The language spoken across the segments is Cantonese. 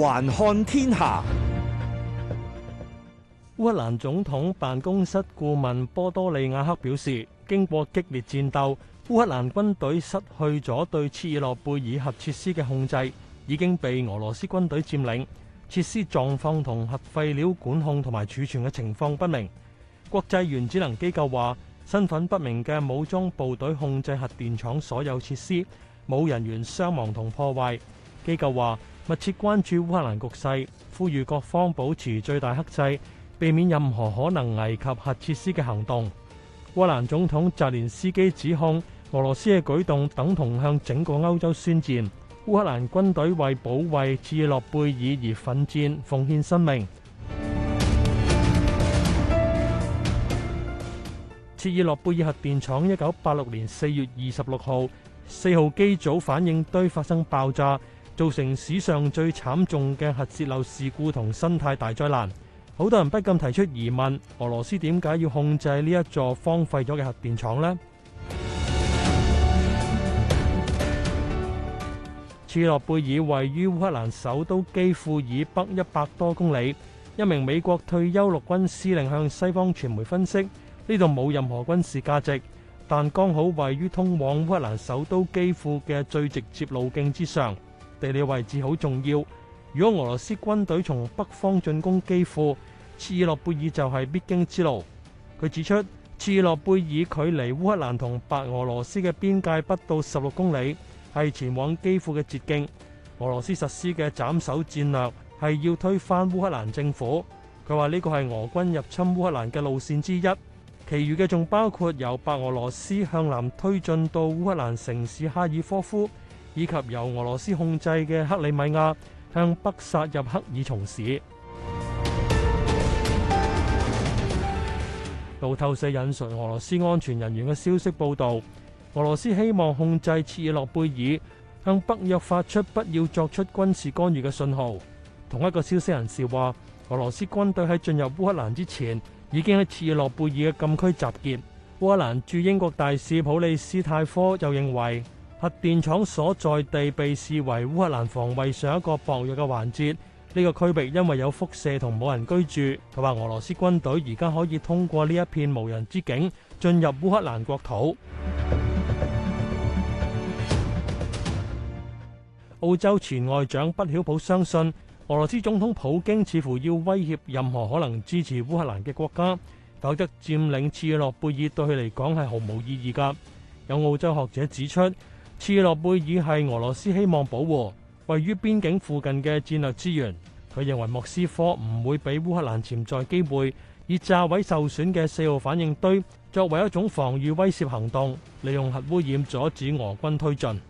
環看天下，烏克蘭總統辦公室顧問波多利亞克表示，經過激烈戰鬥，烏克蘭軍隊失去咗對切爾諾貝爾核設施嘅控制，已經被俄羅斯軍隊佔領。設施狀況同核廢料管控同埋儲存嘅情況不明。國際原子能機構話，身份不明嘅武裝部隊控制核電廠所有設施，冇人員傷亡同破壞。機構話，密切關注烏克蘭局勢，呼籲各方保持最大克制，避免任何可能危及核設施嘅行動。烏克蘭總統澤連斯基指控俄羅斯嘅舉動等同向整個歐洲宣戰。烏克蘭軍隊為保衛切爾諾貝爾而奮戰，奉獻生命。切爾諾貝爾核電廠一九八六年四月二十六號四號機組反應堆發生爆炸。造成史上最慘重嘅核泄漏事故同生態大災難，好多人不禁提出疑問：俄羅斯點解要控制呢一座荒廢咗嘅核電廠呢？切爾 諾貝爾位於烏克蘭首都基輔以北一百多公里。一名美國退休陸軍司令向西方傳媒分析：呢度冇任何軍事價值，但剛好位於通往烏克蘭首都基輔嘅最直接路徑之上。地理位置好重要。如果俄羅斯軍隊從北方進攻基輔，切爾諾貝爾就係必經之路。佢指出，切爾諾貝爾距離烏克蘭同白俄羅斯嘅邊界不到十六公里，係前往基輔嘅捷徑。俄羅斯實施嘅斬首戰略係要推翻烏克蘭政府。佢話，呢個係俄軍入侵烏克蘭嘅路線之一，其餘嘅仲包括由白俄羅斯向南推進到烏克蘭城市哈爾科夫。以及由俄羅斯控制嘅克里米亞向北殺入克爾松市。路透社引述俄羅斯安全人員嘅消息報道，俄羅斯希望控制切爾諾貝爾，向北約發出不要作出軍事干預嘅信號。同一個消息人士話，俄羅斯軍隊喺進入烏克蘭之前，已經喺切爾諾貝爾嘅禁區集結。烏克蘭駐英國大使普利斯泰科又認為。核電廠所在地被視為烏克蘭防衛上一個薄弱嘅環節。呢個區域因為有輻射同冇人居住。佢話俄羅斯軍隊而家可以通過呢一片無人之境進入烏克蘭國土。澳洲前外長畢曉普相信，俄羅斯總統普京似乎要威脅任何可能支持烏克蘭嘅國家，否則佔領切爾諾貝爾對佢嚟講係毫無意義噶。有澳洲學者指出。切爾諾貝爾係俄羅斯希望保護位於邊境附近嘅戰略資源。佢認為莫斯科唔會俾烏克蘭潛在機會，以炸毀受損嘅四號反應堆作為一種防禦威脅行動，利用核污染阻止俄軍推進。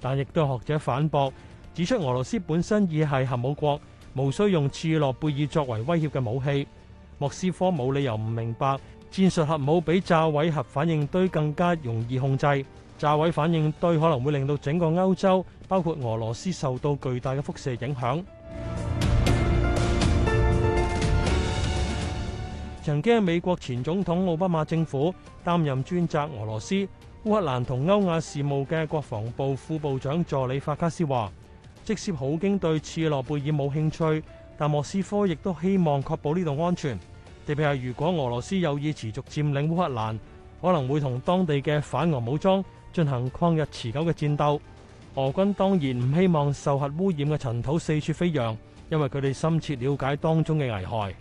但亦都有學者反駁，指出俄羅斯本身已係核武國，無需用切爾諾貝爾作為威脅嘅武器。莫斯科冇理由唔明白，戰術核武比炸毀核反應堆更加容易控制。炸毀反應堆可能會令到整個歐洲，包括俄羅斯受到巨大嘅輻射影響。曾經美國前總統奧巴馬政府擔任專責俄羅斯、烏克蘭同歐亞事務嘅國防部副部長助理法卡斯話：即使普京對切爾諾貝爾冇興趣，但莫斯科亦都希望確保呢度安全。特別係如果俄羅斯有意持續佔領烏克蘭，可能會同當地嘅反俄武裝進行曠日持久嘅戰鬥，俄軍當然唔希望受核污染嘅塵土四處飛揚，因為佢哋深切了解當中嘅危害。